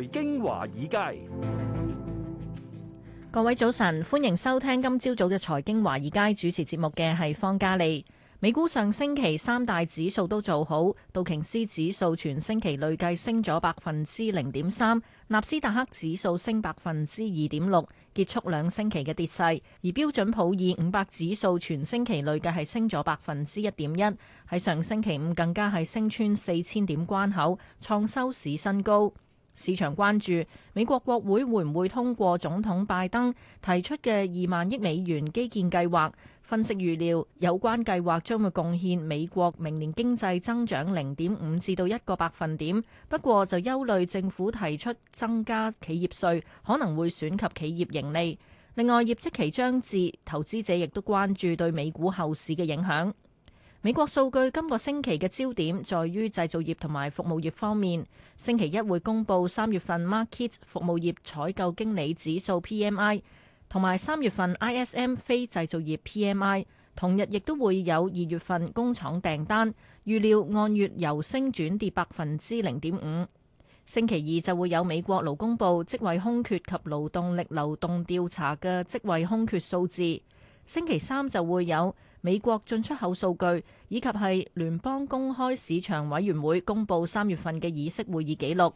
財經華爾街，各位早晨，歡迎收聽今朝早嘅財經華爾街，主持節目嘅係方嘉利。美股上星期三大指數都做好，道瓊斯指數全星期累計升咗百分之零點三，納斯達克指數升百分之二點六，結束兩星期嘅跌勢。而標準普爾五百指數全星期累計係升咗百分之一點一，喺上星期五更加係升穿四千點關口，創收市新高。市場關注美國國會會唔會通過總統拜登提出嘅二萬億美元基建計劃？分析預料有關計劃將會貢獻美國明年經濟增長零點五至到一個百分點。不過就憂慮政府提出增加企業稅可能會損及企業盈利。另外，業績期將至，投資者亦都關注對美股後市嘅影響。美國數據今個星期嘅焦點在於製造業同埋服務業方面。星期一會公布三月份 Markit 服務業採購經理指數 PMI，同埋三月份 ISM 非製造業 PMI。同日亦都會有二月份工廠訂單，預料按月由升轉跌百分之零點五。星期二就會有美國勞工部職位空缺及勞動力流動調查嘅職位空缺數字。星期三就會有美國進出口數據，以及係聯邦公開市場委員會公佈三月份嘅議息會議記錄。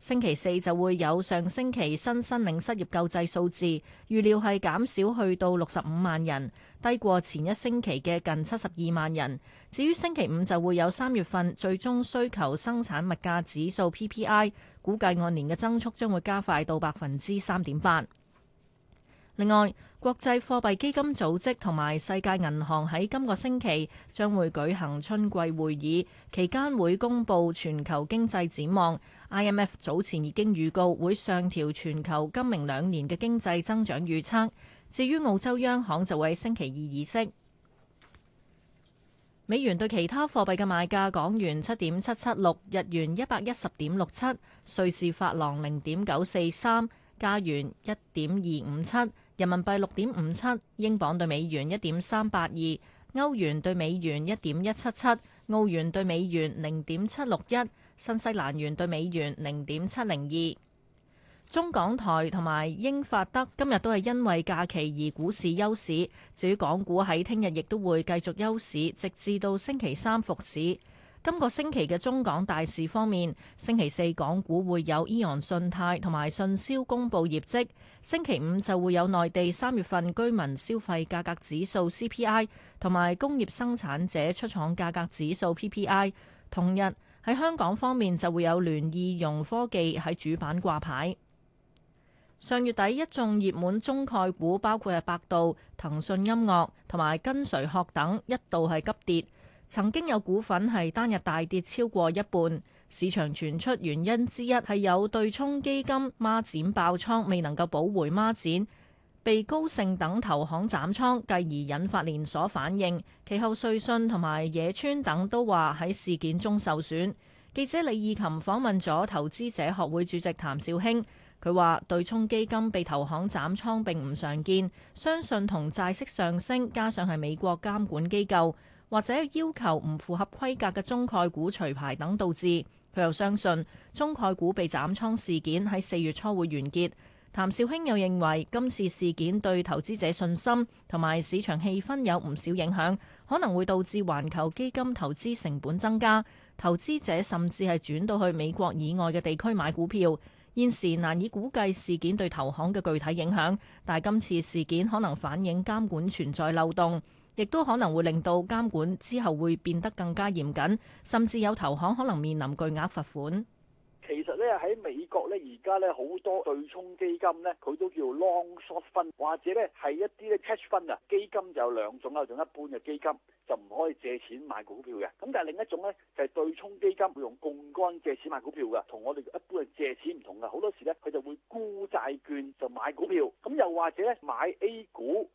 星期四就會有上星期新申領失業救濟數字，預料係減少去到六十五萬人，低過前一星期嘅近七十二萬人。至於星期五就會有三月份最終需求生產物價指數 PPI，估計按年嘅增速將會加快到百分之三點八。另外，國際貨幣基金組織同埋世界銀行喺今個星期將會舉行春季會議，期間會公布全球經濟展望。IMF 早前已經預告會上調全球今明兩年嘅經濟增長預測。至於澳洲央行就會喺星期二議息。美元對其他貨幣嘅買價：港元七點七七六，日元一百一十點六七，瑞士法郎零點九四三，加元一點二五七。人民幣六點五七，英鎊對美元一點三八二，歐元對美元一點一七七，澳元對美元零點七六一，新西蘭元對美元零點七零二。中港台同埋英法德今日都係因為假期而股市休市，至於港股喺聽日亦都會繼續休市，直至到星期三復市。今個星期嘅中港大事方面，星期四港股會有伊、e、昂信貸同埋信消公布業績，星期五就會有內地三月份居民消費價格指數 CPI 同埋工業生產者出廠價格指數 PPI。同日喺香港方面就會有聯易融科技喺主板掛牌。上月底一眾熱門中概股包括係百度、騰訊音樂同埋跟誰學等一度係急跌。曾經有股份係單日大跌超過一半，市場傳出原因之一係有對沖基金孖展爆倉，未能夠補回孖展，被高盛等投行斬倉，繼而引發連鎖反應。其後瑞信同埋野村等都話喺事件中受損。記者李義琴訪問咗投資者學會主席譚少卿，佢話對沖基金被投行斬倉並唔常見，相信同債息上升加上係美國監管機構，或者要求唔符合規格嘅中概股除牌等導致。佢又相信中概股被斬倉事件喺四月初會完結，譚紹興又認為今次事件對投資者信心同埋市場氣氛有唔少影響，可能會導致環球基金投資成本增加，投資者甚至係轉到去美國以外嘅地區買股票。現時難以估計事件對投行嘅具體影響，但係今次事件可能反映監管存在漏洞。亦都可能會令到監管之後會變得更加嚴謹，甚至有投行可能面臨巨額罰款。其實咧喺美國咧，而家咧好多對沖基金咧，佢都叫 long short fund，或者咧係一啲咧 cash fund 啊。基金就有兩種啦，一種一般嘅基金就唔可以借錢買股票嘅，咁但係另一種咧就係、是、對沖基金會用槓桿借錢買股票嘅，同我哋一般係借錢唔同嘅。好多時咧佢就會沽債券就買股票，咁又或者咧買 A 股。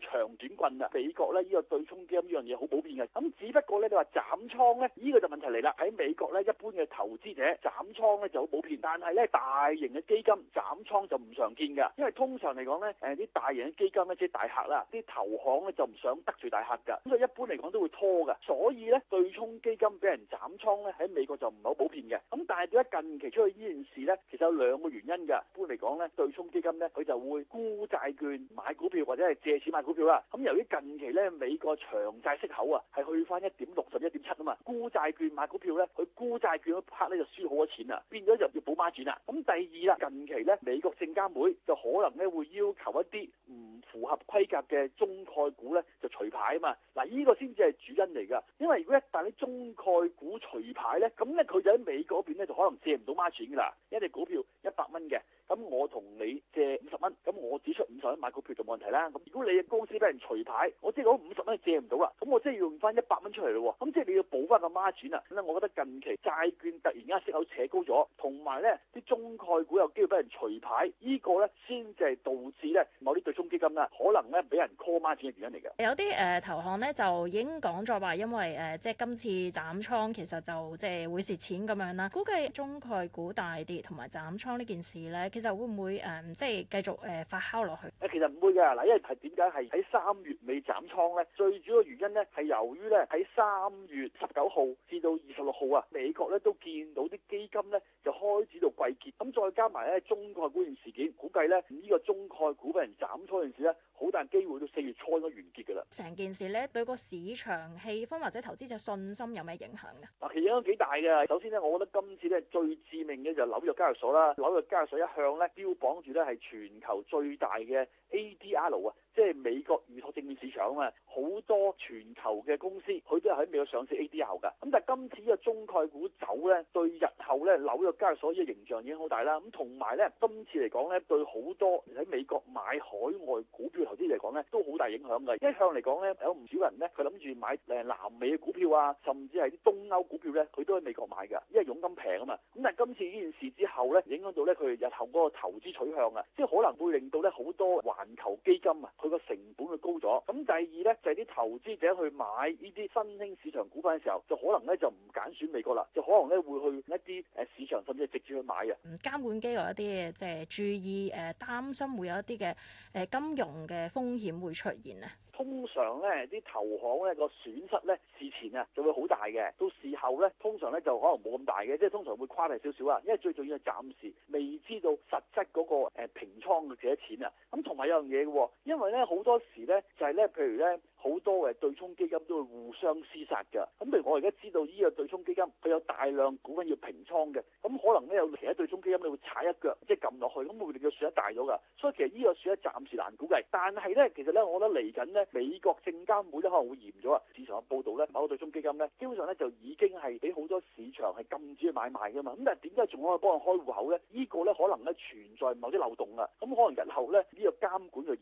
長短棍啊！美國咧呢個對沖基金呢樣嘢好普遍嘅，咁只不過咧你話斬倉咧，呢個就問題嚟啦。喺美國咧，一般嘅投資者斬倉咧就好普遍，但係咧大型嘅基金斬倉就唔常見嘅，因為通常嚟講咧，誒啲大型嘅基金咧即係大客啦，啲投行咧就唔想得罪大客㗎，咁所以一般嚟講都會拖㗎。所以咧，對沖基金俾人斬倉咧，喺美國就唔係好普遍嘅。咁但係點解近期出去呢件事咧？其實有兩個原因嘅。一般嚟講咧，對沖基金咧，佢就會沽債券買股票或者係借錢買股票啦。咁由於近期咧，美國長債息口啊係去返一點六十一點七啊嘛，沽債券買股票咧，佢沽債券嗰 part 咧就輸好多錢啦，變咗就要補孖展啦。咁第二啦，近期咧，美國證監會就可能咧會要求一啲唔符合規格嘅中概股咧就除牌啊嘛。嗱，呢個先至係主因嚟㗎。因為如果一旦啲中概股除牌咧，咁咧佢就喺美國嗰邊咧就可能借唔到孖展㗎啦。一隻股票一百蚊嘅，咁我同你借五十蚊，咁我只出五十蚊買股票就冇問題啦。咁如果你嘅公司俾人除牌，我即係攞五十蚊借唔到啦，咁我即係用翻一百蚊出嚟咯。咁即係你要補翻個孖展啊！咁咧，我覺得近期債券突然間息口扯高咗，同埋咧啲中概股有機會俾人除牌，這個、呢個咧先至係導致咧某啲。可能咧俾人 call 孖錢嘅原因嚟嘅。有啲誒、呃、投行咧就已經講咗話，因為誒、呃、即係今次斬倉，其實就即係會蝕錢咁樣啦。估計中概股大跌同埋斬倉呢件事咧，其實會唔會誒、呃、即係繼續誒發酵落去？誒其實唔會㗎嗱，因為係點解係喺三月尾斬倉咧？最主要嘅原因咧係由於咧喺三月十九號至到二十六號啊，美國咧都見到啲基金咧就開始到季結，咁再加埋咧中概股件事件，估計咧呢、呢個中概股俾人斬出去。事咧好大機會都四月初應該完結嘅啦。成件事咧對個市場氣氛或者投資者信心有咩影響咧？嗱，其實影響幾大嘅。首先咧，我覺得今次咧最致命嘅就係紐約交易所啦。紐約交易所一向咧標榜住咧係全球最大嘅 ADR 啊，即係美國，證券市場啊嘛，好多全球嘅公司佢都係喺美國上市 ADR 嘅。咁但係今次呢個中概股走咧，對日後咧紐約交易所嘅形象影響好大啦。咁同埋咧，今次嚟講咧，對好多喺美國買海外股票投資嚟講咧，都好大影響嘅。一向嚟講咧，有唔少人咧，佢諗住買誒南美嘅股票啊，甚至係啲東歐股票咧，佢都喺美國買嘅，因為佣金平啊嘛。咁但係今次呢件事之後咧，影響到咧佢日後嗰個投資取向啊，即係可能會令到咧好多環球基金啊，佢個成。高咗，咁第二咧就係啲投資者去買呢啲新興市場股份嘅時候，就可能咧就唔。轉美國啦，就可能咧會去一啲誒市場，甚至直接去買嘅。嗯，監管機構一啲即係注意誒、呃，擔心會有一啲嘅誒金融嘅風險會出現啊。通常咧啲投行咧個損失咧事前啊就會好大嘅，到事後咧通常咧就可能冇咁大嘅，即係通常會誇大少少啊。因為最重要係暫時未知道實質嗰個誒平倉嘅幾多錢啊。咁同埋有樣嘢嘅，因為咧好多時咧就係、是、咧，譬如咧。好多嘅對沖基金都會互相廝殺㗎，咁譬如我而家知道呢個對沖基金佢有大量股份要平倉嘅，咁可能咧有其他對沖基金會踩一腳，即係撳落去，咁佢哋嘅損失大咗㗎。所以其實呢個損失暫時難估計，但係咧其實咧，我覺得嚟緊咧美國證監會咧可能會嚴咗啊！市場有報道咧，某個對沖基金咧基本上咧就已經係俾好多市場係禁止去買賣㗎嘛。咁但係點解仲可以幫佢開戶口咧？呢個、呢個咧可能咧存在某啲漏洞啊。咁可能日後咧呢、呢個監管就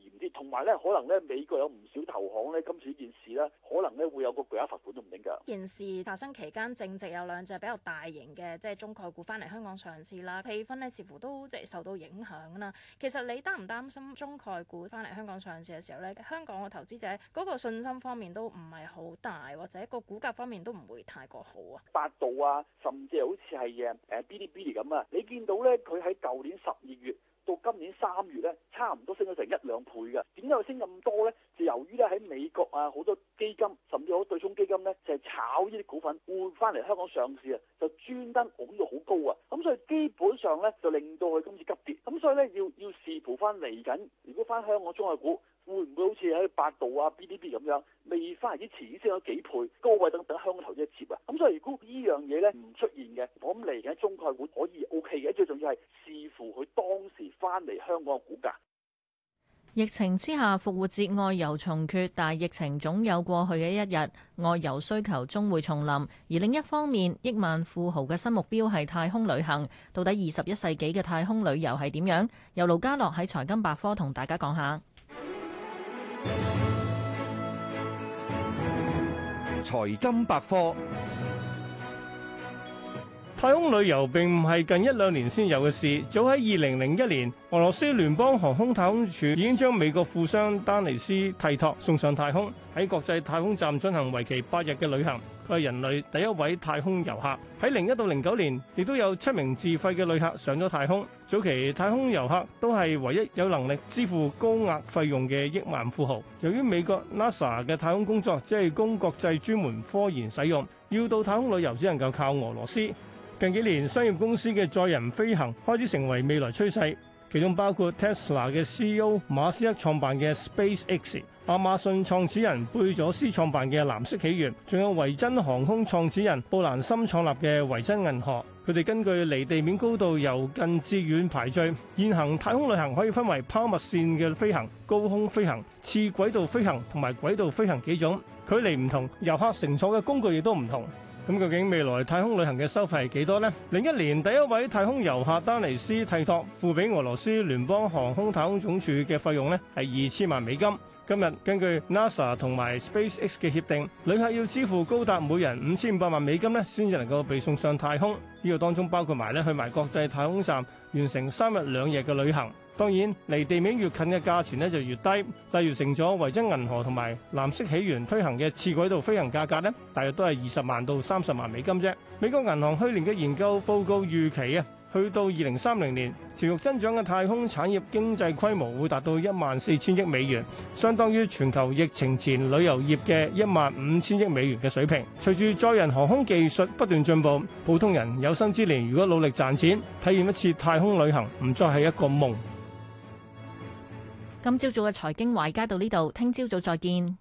但係可能咧，美國有唔少投行咧，今次呢件事咧，可能咧會有個巨額罰款都唔定㗎。件事發生期間，正值有兩隻比較大型嘅即係中概股翻嚟香港上市啦，氣氛咧似乎都即係受到影響啦。其實你擔唔擔心中概股翻嚟香港上市嘅時候咧，香港嘅投資者嗰個信心方面都唔係好大，或者個股價方面都唔會太過好啊。百度啊，甚至係好似係誒誒，Bilibili 咁啊，你見到咧佢喺舊年十二月。到今年三月咧，差唔多升咗成一兩倍嘅。點解佢升咁多呢？就由於咧喺美國啊，好多基金甚至乎對沖基金咧，就係、是、炒呢啲股份，換翻嚟香港上市啊，就專登拱到好高啊。咁所以基本上咧，就令到佢今次急跌。咁所以咧，要要試圖翻嚟緊，如果翻香港中概股。會唔會好似喺百度啊、BB、B D B 咁樣未翻嚟之前先有幾倍高、嗰個、位等等，香港投資者接啊？咁所以如果呢樣嘢咧唔出現嘅，我諗嚟緊中概股可以 O K 嘅。最重要係視乎佢當時翻嚟香港嘅股價。疫情之下，復活節外遊重缺，但疫情總有過去嘅一日，外遊需求終會重臨。而另一方面，億萬富豪嘅新目標係太空旅行。到底二十一世紀嘅太空旅遊係點樣？由盧家樂喺財經百科同大家講下。財金百科。太空旅遊並唔係近一兩年先有嘅事，早喺二零零一年，俄羅斯聯邦航空太空署已經將美國富商丹尼斯蒂托送上太空，喺國際太空站進行為期八日嘅旅行。佢係人類第一位太空遊客。喺零一到零九年，亦都有七名自費嘅旅客上咗太空。早期太空遊客都係唯一有能力支付高額費用嘅億萬富豪。由於美國 NASA 嘅太空工作只係供國際專門科研使用，要到太空旅遊只能夠靠俄羅斯。近幾年，商業公司嘅載人飛行開始成為未來趨勢，其中包括 Tesla 嘅 CEO 馬斯克創辦嘅 SpaceX、亞馬遜創始人貝佐斯創辦嘅藍色起源，仲有維珍航空創始人布蘭森創立嘅維珍銀河。佢哋根據離地面高度由近至遠排序。現行太空旅行可以分為拋物線嘅飛行、高空飛行、次軌道飛行同埋軌道飛行幾種，距離唔同，遊客乘坐嘅工具亦都唔同。咁究竟未來太空旅行嘅收費係幾多呢？零一年第一位太空遊客丹尼斯蒂托付俾俄羅斯聯邦航空太空總署嘅費用咧係二千萬美金。今日根據 NASA 同埋 SpaceX 嘅協定，旅客要支付高達每人五千五百萬美金咧，先至能夠被送上太空。呢個當中包括埋咧去埋國際太空站完成三日兩夜嘅旅行。當然，離地面越近嘅價錢咧就越低。例如，乘咗維珍銀河同埋藍色起源推行嘅次軌道飛行價格咧，大約都係二十萬到三十萬美金啫。美國銀行去年嘅研究報告預期啊。去到二零三零年，持續增長嘅太空產業經濟規模會達到一萬四千億美元，相當於全球疫情前旅遊業嘅一萬五千億美元嘅水平。隨住載人航空技術不斷進步，普通人有生之年如果努力賺錢，體驗一次太空旅行唔再係一個夢。今朝早嘅財經華爾街到呢度，聽朝早再見。